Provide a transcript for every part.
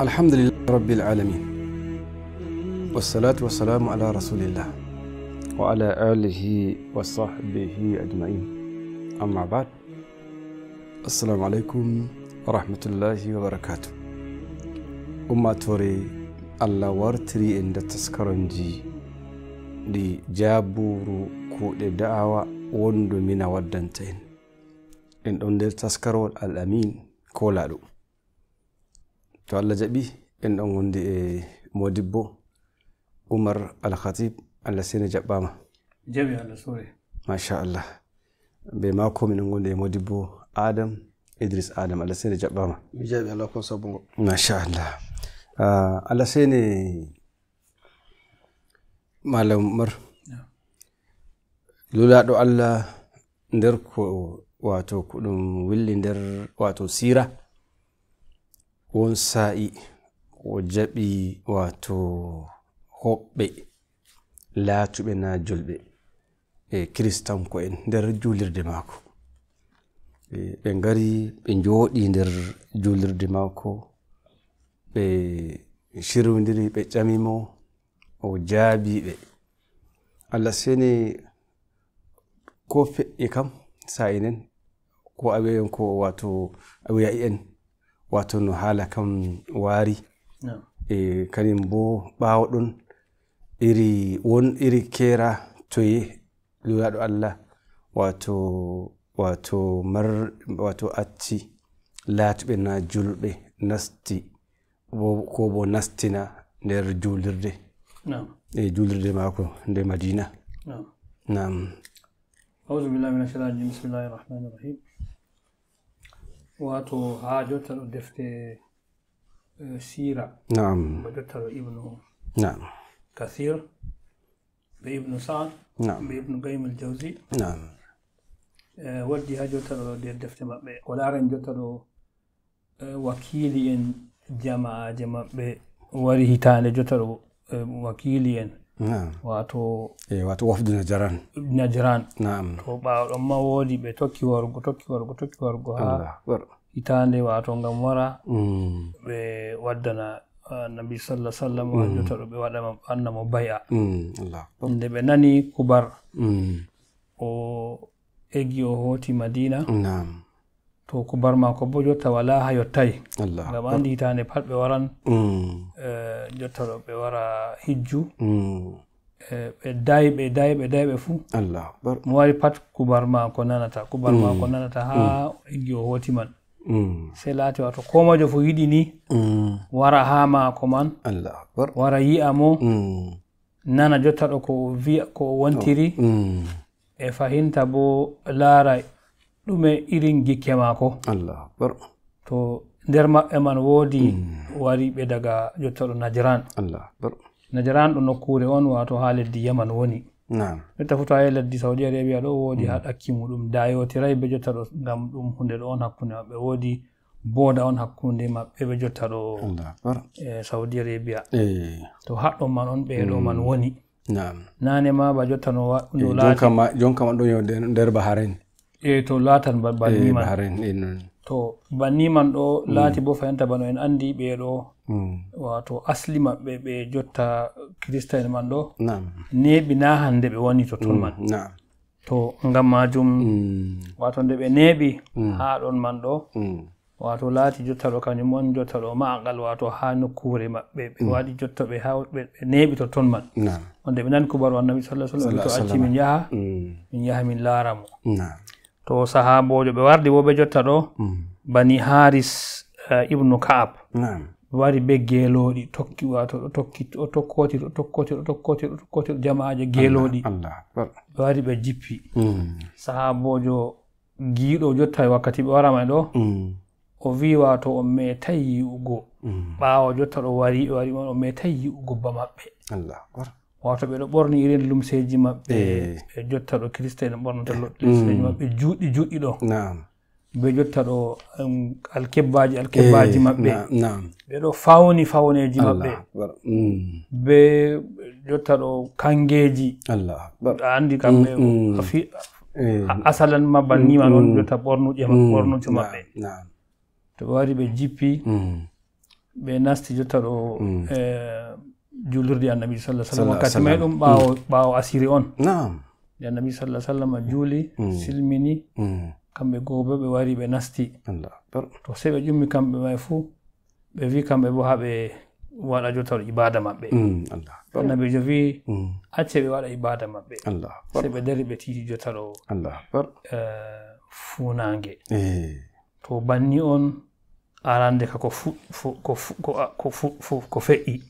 الحمد لله رب العالمين والصلاة والسلام على رسول الله وعلى آله وصحبه أجمعين أما بعد السلام عليكم ورحمة الله وبركاته أما توري الله ورتري إن تسكرنجي دي جابور كود دعوة وندو من ودنتين إن أندل تسكرو الأمين كولالو to allah jaɓi en ɗon wonde e modibbo umar al-Khatib allah seni jaɓɓama jaɓi allah sore machallah be mako minen gonde e modibbo adam idris adam allah seni jaɓɓama mi jaɓi allah kon sabungo machallah ah, allah seni malam umar lulaɗo allah nder ko wato ko ɗum willi nder wato sira won sa'i o jaɓi wato hoɓɓe laatuɓe na julɓe e kristanko en nder julirde maako e ɓe ngari ɓe jooɗi nder julirde maako ɓe shirwidiri ɓe ƴamimo o jaabiɓe allah seni ko feƴƴi kam sa'i nen ko a wiyen ko wato a wiyayi en wato no hala kam wari. e kañum bo ɓaawɗon iri won iri kera toye da allah wato wato mar wato acci latube na julɓe nasti ko bo nastina nder julirde e julirde maako nde madina na'am a'udhu billahi minash ashaitan rajim bismillahir rahmanir rahim واتو ها جوتر دفتي آه، سيرة نعم جوتر ابن نعم كثير بابن سعد نعم بابن قيم الجوزي نعم آه، ودي ها جوتر دفتي ما آه، بي ولا رين جوتر وكيلين جماعة جماعة بي وري هيتان جوتر وكيلين wato wato wofdina jaran ina jaran to ɓawa ɗon ma woodi ɓe tokki wargo tokki wargo tokki wargo ha hitande wato gam wara mm. ɓe waddana nabi sallah sallam wajota mm. ɗo ɓe waɗama anna mo bay'a mm, nde ɓe nani kubar o eggi o hooti madina to kubar maako bo jotta wala ha yottayi ngam andi hitande pat ɓe waran mm. e, jotta ɗo ɓe wara hijju mm. e, ɓe dayi ɓe dayi ɓe dayi ɓe fuu mo wari pat kubar maako nanata kubar mm. maako nanata ha eggi o hooti man sey laati wato komojo fo yiɗi ni wara ha maako man wara yi'a mo nana jotta ɗo ko wiya ko wontiri e fahinta bo laaray ɗume irin gikke maako allahakbar to nder maɓɓe man woodi wari ɓe daga jottoɗo najran allahakbar najran ɗo nokkure on wato ha leddi yaman woni jotta fu to haye leddi saudi arabia ɗo woodi ha ɗakki muɗum dayotirayi ɓe jotta ɗo ngam ɗum hunde ɗo on hakkunde maɓɓe woodi booda on hakkunde maɓɓe ɓe jotta ɗo saudi arabia to haɗɗon man on ɓeeɗo man mm. woni nane ma ba jotta no waɗɗu no laajokama ɗo nder ba haren e to latan banniman eh, to banniman ɗo mm. laati bo fayanta bano en anndi ɓeeɗo mm. wato asli maɓɓe ɓe jotta christa en man ɗo neɓi na hannde ɓe woni to ton mm, man to ngam majum wato nde ɓe neɓi haa ɗon man ɗo wato laati jotta ɗo kañum on jotta ɗo maagal wato haa nokkure maɓɓe ɓe waɗi jotta ɓe haɓe neɓi to ton man onde ɓe nani kubaru annabi sallah sallam to acci min yaha min yaha min laaramo to sahabojo ɓe wardi bo ɓe jotta ɗo mm. bani haris uh, ibnu ka'ab ɓe mm. wari ɓe geelooɗi tokki wato ɗo tokki o tokkotiɗo tokkotiɗo tokkotiɗo tokkotiɗo jamaaje geelooɗi ɓe wari ɓe jippi mm. sahabojo giiɗo jotta e wakkati ɓe warama e ɗo mm. o wi wato o metai yi'ugo ɓaawa mm. jotta ɗo wari ɓe wari on o metai yi'ugo ba maɓɓe wato ɓeɗo ɓorni irin lumseji maɓɓe e jotta ɗo christe ene ɓornata mm. lumseji mm. maɓɓe juuɗɗi juuɗɗi ɗo ɓe jotta ɗo alkebbaji alkebbaji maɓɓe ɓeɗo fawni fawneji maɓɓe mm. be jotta ɗo kangeji a andi kamɓe asalan ma bannima ɗon jotta ɓornuje ɓornuje maɓɓe to ɓe wari ɓe jippi ɓe nasti jotta ɗo eh, julurde annabi sallah sallam wakkati may ɗum ɓaawo mm. ɓaawo asiri on nam nde annabi sallah sallam juuli mm. silmini mm. kamɓe gooɓe ɓe wari ɓe nasti to se ɓe ƴummi kamɓe may fuu ɓe wi kamɓe bo haa ɓe waɗa jotal ibada maɓɓe annabi jo wi acce ɓe waɗa ibada maɓɓe se ɓe dari ɓe tiiti jotal o eh, funange eh. to banni on arande kako ko fe'i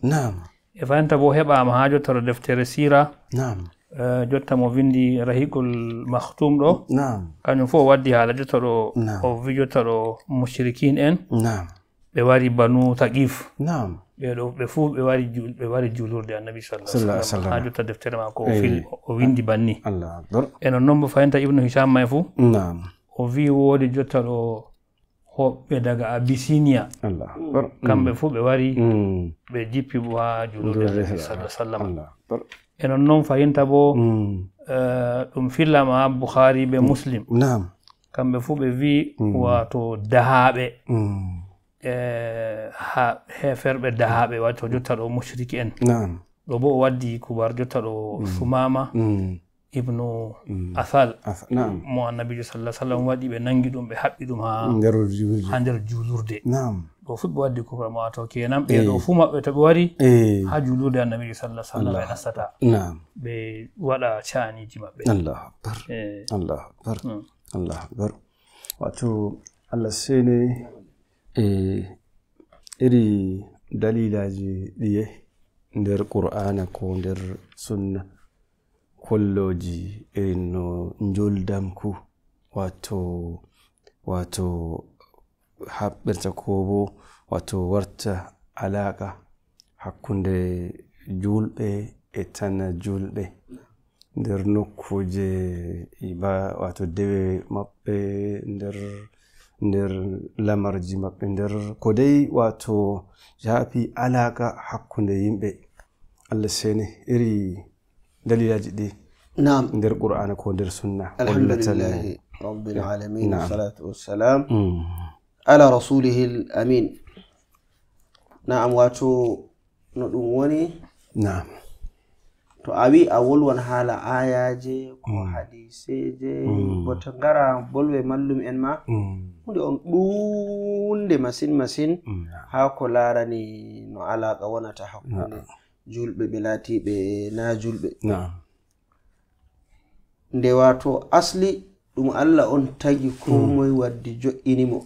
إذا أنت بوهبة ما هاجو ترى دفتر سيرة نعم آه، جوتا مو فيندي رهيق المختوم رو نعم كان فو ودي هذا جوتا رو نعم أو فيديو ترى مشركين إن نعم بواري بنو تقيف نعم بيرو بفو بواري جول بواري جولور ده النبي صلى الله عليه وسلم هاجو ترى دفتر ما كو في أو فيندي بني الله دور إنه نوم بفاين ابن هشام ما يفو نعم أو في وودي جوتا رو hoɓɓe daga abyssinia mm. kamɓe fof ɓe wari mm. ɓe jippi bo ha julurdesaa sallam e non noon fayinta bo mm. eh, ɗum fillama ha bouhari ɓe muslim kamɓe fof ɓe wi wato dahaɓe e, ha heferɓe dahaɓe watto jotta ɗo mushriki en ɗo bo o waddi kubar jotta ɗo sumama ibnu mm. Asal. mo annabijo sallah sallam waɗi ɓe nangi ɗum ɓe haɓɓi ɗum ha nder julurde ɗo fu ɓe waddi kufra mo to kenan ɓe eh. ɗo fu maɓɓe to ɓe wari eh. ha julurde annabijo sallah sallam ɓe nastata ɓe waɗa caniji maɓɓe allah bar allah akbar eh. allah hmm. akbar wato allah sene e iri dalilaji ɗiye nder qur'ana ko nder sunna kolloji irin e no joldamku wato wato haɓɓirta ko bo wato warta alaqa hakkunde julɓe e tana julɓe nder nokkuje iba wato dewe maɓɓe nder nder lamarji maɓɓe nder ko dai wato jaafi alaqa hakkunde yimɓe allah sene iri دليل دي نعم ندير القرآن كون ندير السنة الحمد لله رب العالمين نعم. والصلاة والسلام مم. على رسوله الأمين نعم واتو نؤمني نعم to a wi a wolwan haala ayaje ko hadiseje boto ngara bolwe mallum en ma hunde on ɗuunde masin masin haa ko laarani no alaqa wonata hakkunde julɓe ɓe laatiɓe na julɓe nde wato asli ɗum allah on tagi komoye mm. waddi joƴinimo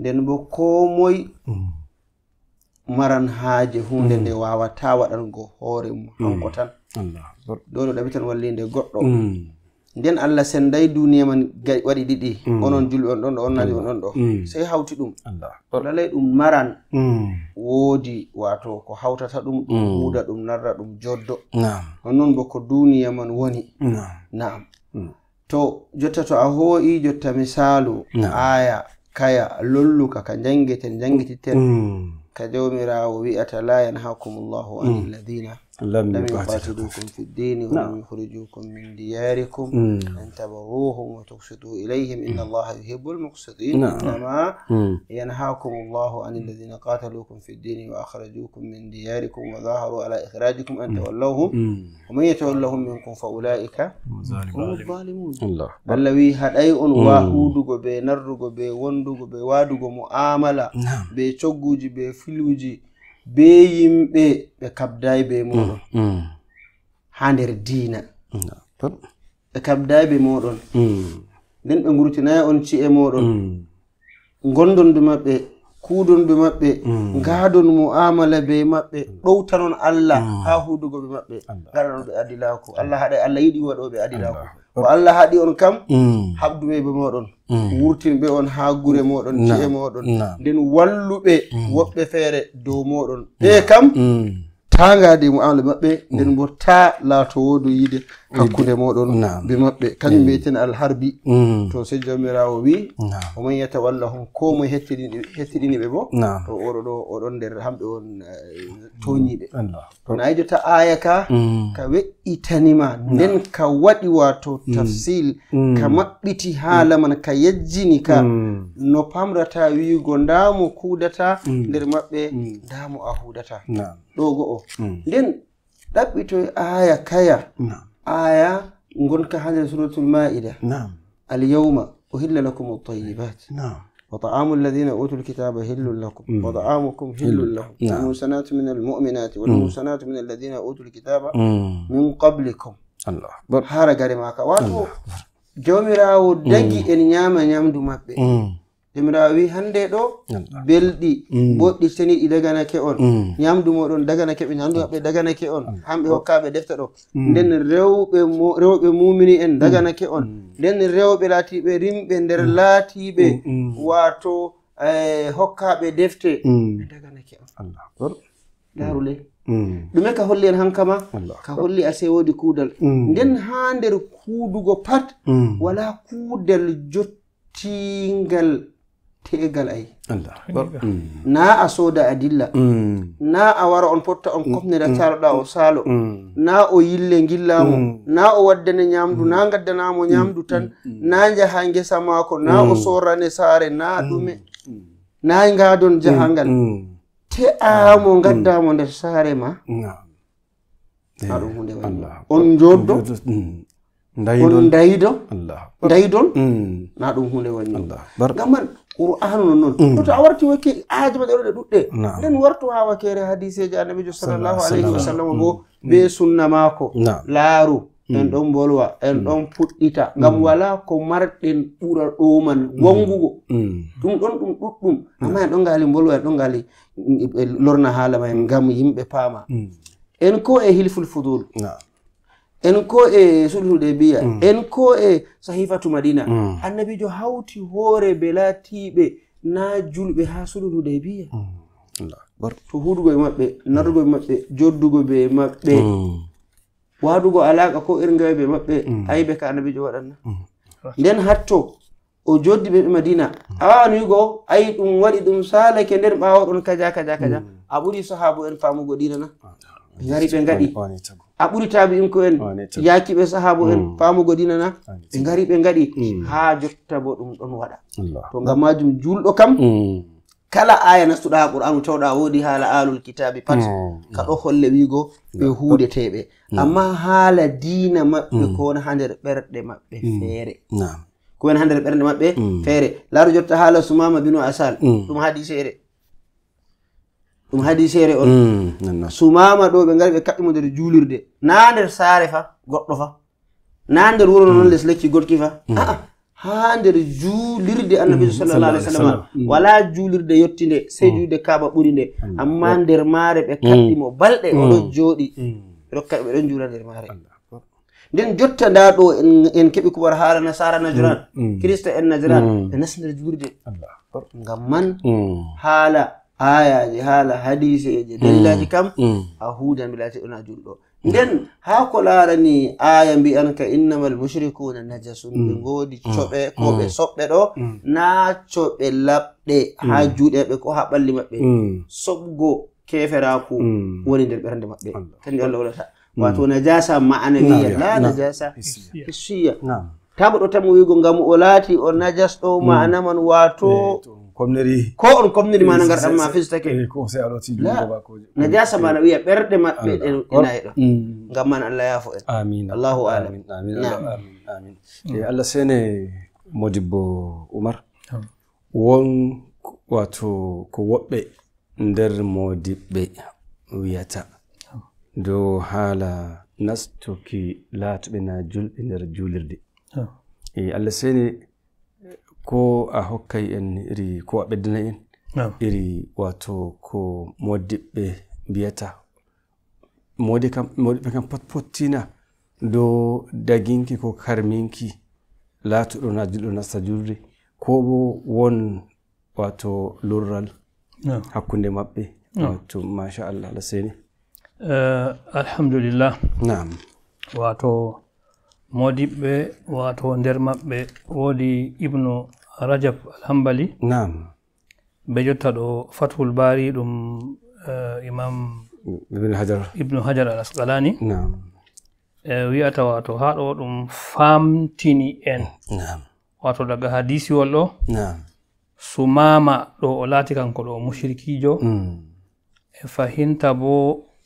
nden bo komoye mm. maran haaje hunde mm. nde wawata waɗango hoore hanko tan ɗo ɗo ɗaɓitan wallinde goɗɗo nden allah senday duniya man waɗi ɗiɗi mm. onon julɓe on ɗon ɗo onnani on ɗon ɗo mm. Mm. sey hawti ɗum lalay ɗum maran woodi wato ko hawtata ɗum ɗum muuda ɗum narra ɗum joddo on noon bo ko duniya man woni naam to jotta to a hoyi jotta misalu aya kaya lolluka ka jangeten jangititen ka jawmirawo wi'ata la yanhakum llahu an illadina لم يقاتلوكم في الدين ولم نعم. يخرجوكم من دياركم أن تبروهم وتقسطوا إليهم إن الله يحب المقسطين نعم. إنما ينهاكم الله عن الذين قاتلوكم في الدين وأخرجوكم من دياركم وظاهروا على إخراجكم أن تولوهم ومن يتولهم منكم فأولئك هم الظالمون الله بلوي هدأي أن واهودو بنرغو بوندو بوادو معاملة نعم. بشوجو بفلوجي be yimɓe ɓe kabdayi be moɗon mm, mm. ha nder diina ɓe kabdayi be moɗon mm. nden ɓe gurtinayi on ci'e moɗon gondonɓe maɓɓe kuudonɓe maɓɓe gaadon mu'amala be maɓɓe ɗowtanon allah ha hudugoɓe maɓɓe garanoɓe adilako allah haɗa allah yiɗi waɗoɓe adilako o allah haɗi on kam habdumeɓe moɗon Mm. wurtinɓe on haa gure mm. moɗon ci'e moɗon nden walluɓe mm. woɓɓe feere dow moɗon ɓe kam tangaɗi mo amle maɓɓe mm. nden gorta laato wodu yiide hakkude moɗon be maɓɓe mm. kañum mbiyeten alharbi mm. to se jamirawo wi omon yiyata walla hom ko moe hettiɗiniɓe bo to oɗo ɗo oɗon nder hamɓe on eh, toñiɓe tona yijota aya ka ka weƴƴitanima nden ka waɗi wato tafsil ka maɓɓiti haalaman ka yejjini ka no pamrata wiigo ndamo kuudata nder maɓɓe ndamo a huudata ɗogo o nden ɗaɓɓitoy aya kaya aya gonka ha suratul ma'ida alyawma uhilla lakum altayibat وطعام الذين اوتوا الكتاب هل لكم وطعامكم هل لهم والمحسنات من المؤمنات والمحسنات من الذين اوتوا الكتاب من قبلكم الله اكبر هارا غاري ماكا واتو جوميراو دغي ان نياما نيامدو مابي jomirawa wi hannde ɗo belɗi mm. boɗɗi seni ɗi daganake on ñamdu mm. moɗon daganake ɓe ñamdu maɓɓe daganake on hamɓe hokkaɓe defta ɗo mm. nden rewɓe rewɓe mumini en daganake on nden rewɓe laatiɓe rimɓe nder laatiɓe wato e, hokkaɓe defte daganake on darule ɗume ka holli en hankama ka holli ase wodi kuudal nden ha nder kuudugo pat wala kuudal jottingal tegal ay mm. na a sooda a dilla mm. na a wara on potta on komnira saaloɗa mm. o saalo na o yille gillamo na o waddane ñamdu na gaddanamo ñamdu tan na jaha gesa maako na o sorrane saare na ɗume na gadon jahangal te amo gaddamo nder saare ma aɗum hunde on jooddo on dayidon dayidon na ɗum hunde wanni gamman qur'anu non noon mm. to a warti wakki aaji ma ɗeɗoɗe ɗuɗɗe nden wartu ha wakere hadiseji annabijo salllahu alayhi wa sallam bo mm. be sunna maako laaru en mm. ɗon bolwa en ɗon puɗɗita ngam wala ko marɗen ɓura ɗoman wongugo ɗum ɗon ɗum ɗuɗɗum amma en ɗon ngali bolwa en ɗon ngali e lorna haala ma en ngam yimɓe paama en ko e hilful fodol en ko e sulhuhudaybiya mm. en ko e sahifatu madina mm. annabijo hawti hoore be laatiiɓe na julɓe haa sulhuhudaybiya mm. to hudugo e maɓɓe narugo e maɓɓe joddugo be maɓɓe waadugo alaqa ko er ngawe be maɓɓe ayiɓe ka annabijo waɗanna nden hatto o joddi ɓeɓe madina awawan wigo ayi ɗum waɗi ɗum saalake nder ɓawaɗon kaja kaja kaja a ɓuri sahabu en famugo ɗinana ngari ɓe ngaɗi e a ɓuri taabi inko en e yaakiɓe sahaabo en mm. faamugo dinana e ɓe ngari ɓe ngaɗi mm. haa jotta bo ɗum ɗon waɗa to ngam majum julɗo kam mm. kala aya nastuɗa ha qur'anu tawɗa woodi haala alul kitabi pat ka ɗo holle wiigo ɓe huudeteɓe amma haala diina maɓɓe kowona ha nder ɓerɗe maɓɓe feere ko wona ha nder ɓerɗe maɓɓe feere laaru jotta haala sumama bino asal ɗum haadi seere ɗum hadisere on mm, sumama ɗo ɓe gari ɓe kaɓɓimo nder juulirde na nder saare fa goɗɗo fa na nder wuro noon mm. les lekki goɗki fa mm. ha nder juulirde annabi sallallah alah sallam wala juulirde yettinde sey juulde kaaba ɓuri nde amma nder maare ɓe kaɓɗimo balɗe oɗo jooɗi ɓeɗon juula nder maare nden jotta nda ɗo en keɓi kubar haala nasara najran christa en najran ɓe nasi nder juulirde ngam man haala hayaji haala hadiseji dellaji mm, kam mm. a huudan bilateona julɗo nden haa ko laarani aya mbiyan ka innama almushrikuna najasun ɓe mm. ngoodi coɓe ko ɓe soɓɓe ɗo naa coɓe laɓɗe haa juuɗe maɓɓe ko haa ɓalli maɓɓe soɓgo keferaku woni nder ɓerande maɓɓe kanju allah wolata wato najasa maana wiyala najasa hissiya taɓo ɗo tamo wiigo ngam o laati o najas ɗo maana man waato comneri ko on comneri mana ngarɗan ma fistake conseil aloti na ja samana wiya ɓerɗe maɓɓe ɗena e ɗo mm. ngam man allah yafo en amin allahu alamin amin allah sene modibbo oumar won wato ko woɓɓe nder modiɓɓe wiyata dow haala nastuki laatuɓe na julɓe nder juulirde e allah seni ko a hokkay en iri ko a ɓeddana en iri wato ko modiɓɓe mbiyata modi kam modiɓɓe kam pot pottina do daginki ko karminki laatuɗo na julɗo nasta julde ko bo won wato lurral hakkunde maɓɓe wato machallah alah seni eh, alhamdulillah nam wato no. modiɓɓe wato nder maɓɓe woodi ibnu rajab alhambali nam ɓe jotta ɗo fathul bari ɗum uh, imam ibnu hajar al asqalani e wiyata wato ha ɗo ɗum famtini en wato daga hadisiwol ɗo sumama ɗo o laati kanko ɗo mushrikijo mm. e fahinta bo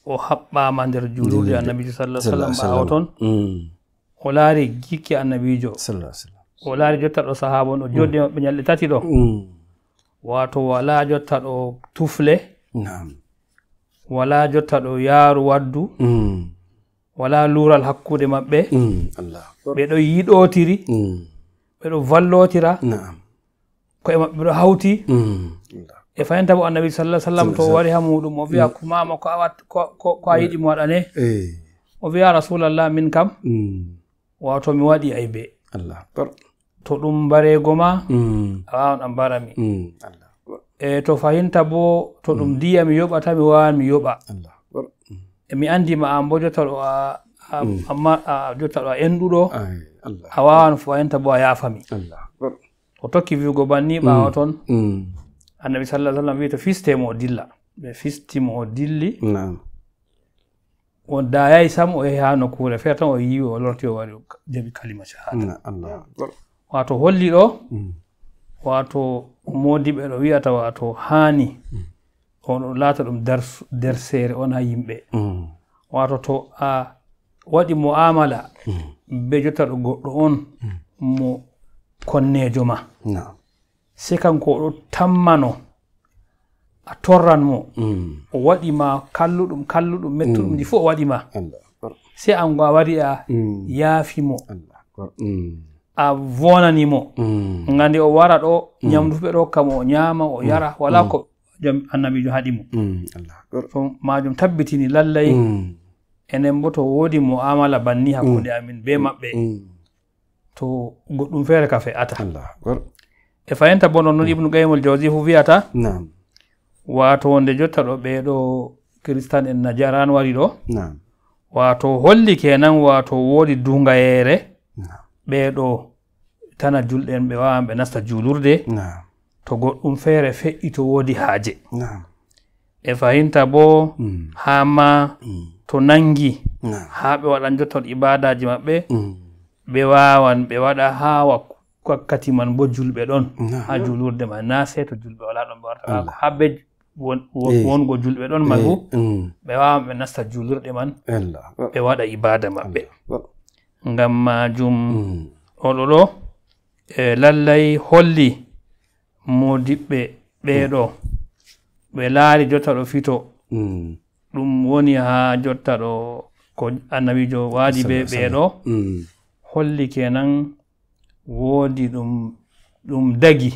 o haɓɓama nder juluɗe annabiji sallah sallam ɓawa toon mm. o laari gikki annabijo o laari jotta ɗo sahabon o jooɗi e maɓɓe ñalɗe tati ɗo mm. wato wala jotta ɗo tufle wala jotta ɗo yaaru waddu mm. wala luural hakkude maɓɓe mm. ɓeɗo yiɗotiri ɓeɗo vallotira koye maɓɓe ɗo hawti e fayinta bo annabi salah sallam to wari ha muɗum o wiya kumama ko a yiɗi mo waɗane eh. o wiya rasulallah min kam wato mi waɗi aybe to ɗum mbarego ma mm. a wawan a mbarami mm. e to fahinta bo to ɗum mm. diya mi yoɓata mi wawan mi yoɓa e mi andi ma an bo jotta ɗo amma jotta ɗo a enduɗo a wawan fahinta bo a yafami o tokki viwgo banni ɓawa toon annabi sallah sallam wi to fiste mo o dilla ɓe fistimo o dilli on dayayi sam o yahi ha nokkure feer tan o yiwi o lorti o wari jaɓi kalima shahada wato holli ɗo mm. wato modiɓe ɗo wiyata wato hani mm. onɗo laata ɗum derseere on ha yimɓe mm. wato to a waɗi moamala be jotta ɗo goɗɗo on mo konnejo ma se kanko oɗo tammano a torran mo mm. o waɗima kalluɗum kalluɗum mettuɗum mm. ɗi fof o waɗima se ango a wari a mm. yaafimo a wonanimo gandi o wara ɗo ñamdu fuɓe ɗo kam o ñaama o yara wala ko jom annabijo haɗimo so majum tabbitini lallay enen bo to woodi mo amala banni hakkude amin be maɓɓe to goɗɗum feere ka fe ata e fayenta bo noon noon ibnu gaymol jawsi fu wiyata wato nde jotta ɗo ɓeɗo christan en najaran wari ɗo wato holli kenan wato wodi dungayere ɓeɗo tana julɗe en ɓe wawan ɓe nasta julurde to goɗɗum feere fe'i to wodi haaje e fahinta bo mm. hama mm. to nangi ha ɓe waɗan jotton ibadaji maɓɓe mm. ɓe wawan ɓe waɗa ha wakkati man bo julɓe ɗon ha julurde ma na se to julɓe wala ɗon ɓe wartaha wongo julɓe ɗon mabu mm. ɓe wawan ɓe nasta julurɗe man ɓe waɗa ibada maɓɓe ngam majum mm. oɗo ɗo e lallay holli modiɓɓe ɓeɗo mm. ɓe laari jotta ɗo fito ɗum woni ha jotta ɗo ko annabijo waadi ɓe ɓeɗo holli kenan woodi ɗum ɗum dagi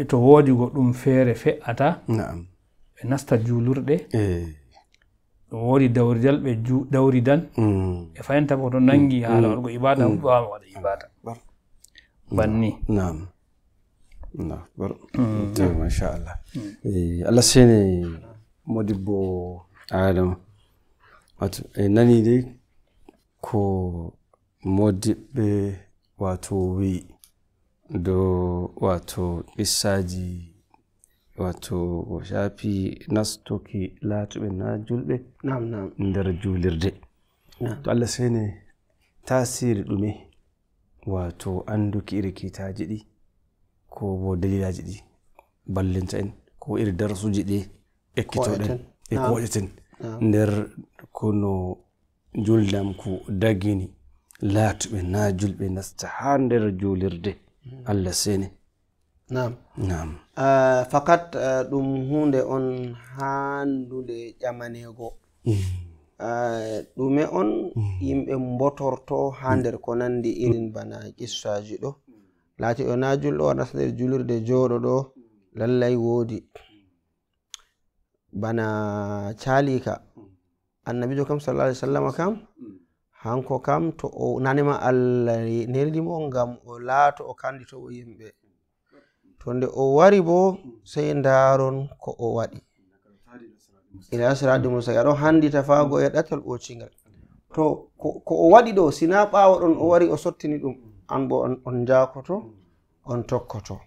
e to woodi goɗɗum feere fe'ata ɓe nasta juulurɗe ɗum woodi dawridal ɓe dawri dan mm. e fayinta koto nangi mm. haala waɗgo ibada fu mm. ɓawama waɗa ibada banni machallah allah seene modibbo adama wato e nani dei ko modiɓɓe wato wi'i do wato issaji wato o shafi nastuki latuɓe na julɓe nder julirde to allah seine tasiri ɗume wato anduki iri kitaji ɗi ko bo dalilaji ɗi ballinta en ko iri darsuji ɗi ekkitoɗen e koƴeten nder kono juldamku dagini latuɓe na julɓe nasta ha nder julirde allah sene nam nam uh, ah, fakat uh, ɗum hunde on handude ƴamanego mm. ah, ɗume uh, on mm. yimɓe botorto ha nder ko nandi mm. irin bana qissaji ɗo laati o e na julɗo waɗata nder julurde joɗo ɗo lallay woodi bana calika annabijo kam sallah alah sallama kam hanko kam to o nanima allah nelnimo ngam o laato o kanditoo yimɓe to nde o wari bo sey ndaaron ko o waɗi ila sirati musa aɗo hanndita faago e ɗatal ɓocingal to ko o waɗi ɗo sina ɓaawa ɗon o wari o sottini ɗum an bo on jaakoto on tokkoto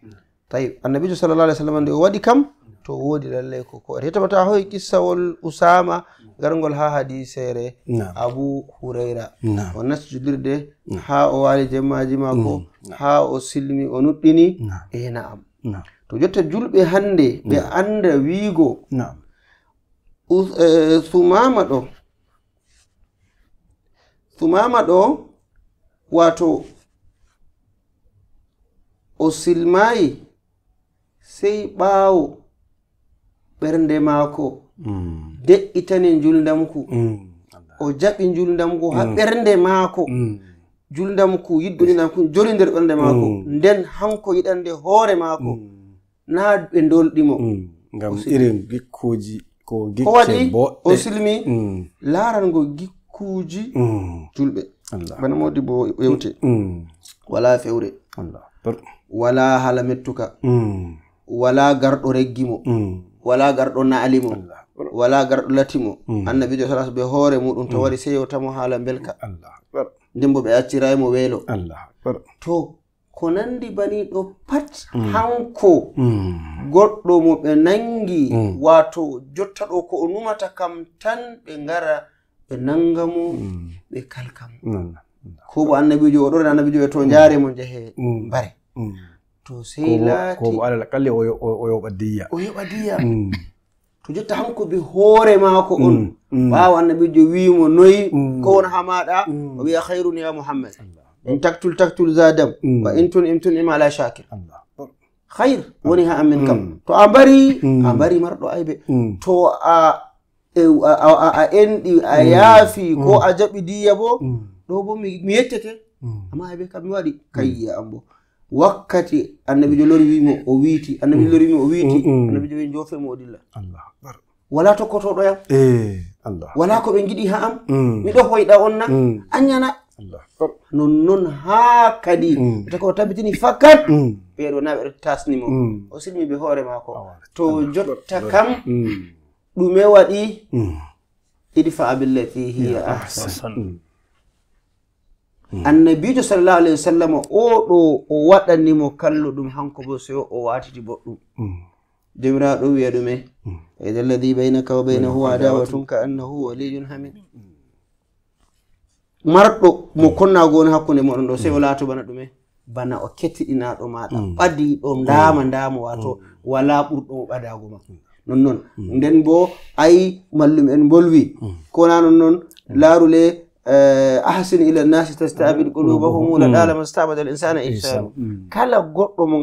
tawi annabijo sallallah alih w sallam nde o waɗi kam to woodi lallay ko koore hetama ta hoye kissawol usama garngol ha hadisere abou hurayra o nasti jullirde ha o waali jemmaji maako mm, ha o silmi o nuɗɗini e naam to jotta julɓe hannde ɓe annda wiigo e, e, sumama ɗo sumama ɗo wato o silmayi sey ɓaawo ɓernde maako mm. de'itani juldamku mm. o jaɓi juldamku ha mm. ɓernde maako juldamku yiɗɗuninaku joli nder ɓernde maako nden hanko yiɗande hoore maako na ɓe dolɗimo ngam irin gikkuji ko gikko waɗi o silmi larango gikkuji julɓe bana modi bo yewte wala fewre wala hala mettuka wala garɗo reggimo wala garɗo naali mo wala garɗo lati mo hmm. annabijo salas ɓe hoore muɗum to hmm. wari seyowtamo haala belka ndembo ɓe accirayi mo weelo to ko nandi bani ɗo pat hmm. hanko goɗɗo mo ɓe nangi wato jotta ɗo ko o numata kam tan ɓe ngara ɓe nanga mo ɓe kalkamo ko bo annabijo oɗo annabijo e to jaare mo jehe mbare to sei lati kobo alal kalle o yoɓa diya o yoɓa diya mm. to jotta hanko be hoore maako on mm, mm. wawa annabijo wimo noyi ko won ha maɗa o wiya hayrun ya mouhammad en taktul taktul zadam wa intun imtun im ala shakir hayr woni ha amin kam to a mbari a mbari marɗo aybe to e, a enɗi a yaafi ko a jaɓi diya bo ɗo bo mi yettete amma aybe kam mi waɗi kayya am bo wakkati annabijo lori wimo o wiiti annabijo lori wimo o wiiti mm, mm. annabijo wi jofemo o dilla wala tokkotoɗo yam eh, wala ko ɓe giɗi ha am mm. miɗo hoyɗa on na añana nonnoon haa kadi ete ko tabitini fakat ɓeeɗo na ɓeɗo tasnimo o silmi ɓe hoore maako to jotta kam ɗume waɗi idfa abillati hiya ahsan annabijo sallllahu alahi wa sallam o ɗo o waɗanimo kalluɗum hanko bo so o watiti boɗɗum mm. jomiraɗo wiya ɗume ida mm. e alladi baynaka wa baynahu adawatun ka annahu waliyun hamin marɗo mo konnagoni hakkunde moɗon ɗo sey o mm. laato bana ɗume bana o kettiɗinaɗo maɗa ɓadiɗo ndama ndamo wato wala ɓurɗo mo ɓadago ma nonnoon nden bo ayi mallum en bolwi kona nonnoon laarule Eh, ahsin ila nasi tastabil mm. qulubahum wala dalama mm. stabada al insana ihsan mm. kala goddo mo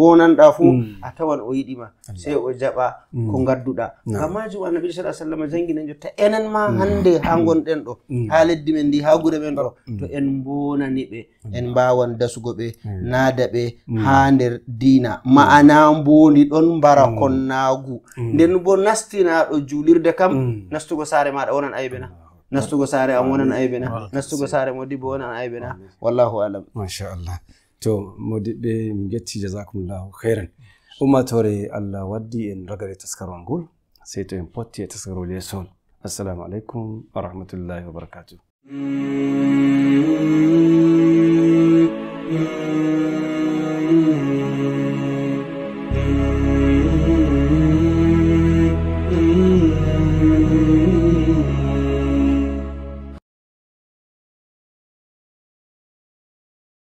bonanɗa fu a tawan o yiɗima sey o jaɓa ko gadduɗa ga maji o annabi sala sallam jangguina jotta enen ma hande ha gonɗen ɗo ha leddi men ndi ha gure men ɗo to en bonani ɓe en mbawan dasugo ɓe naada ɓe ha nder dina ma'ana mboni ɗon mbara kon nagu nden bo nastinaɗo julirde kam nastugo sare maɗa wonan ayiɓena nastugo sare am wonan aybina nastugo sare modibbo wonan aybina wallahu alam Allah to modibbe min getti jasakumllahu heyran ummatore allah waddi en ragare taskarol ngol sey to en potti e taskarol son assalamu alaikum wa rahmatullahi wa barakatuh Mm-hmm.